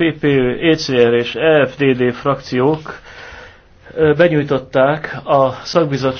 PP, ECR és EFDD frakciók benyújtották a szakbizottság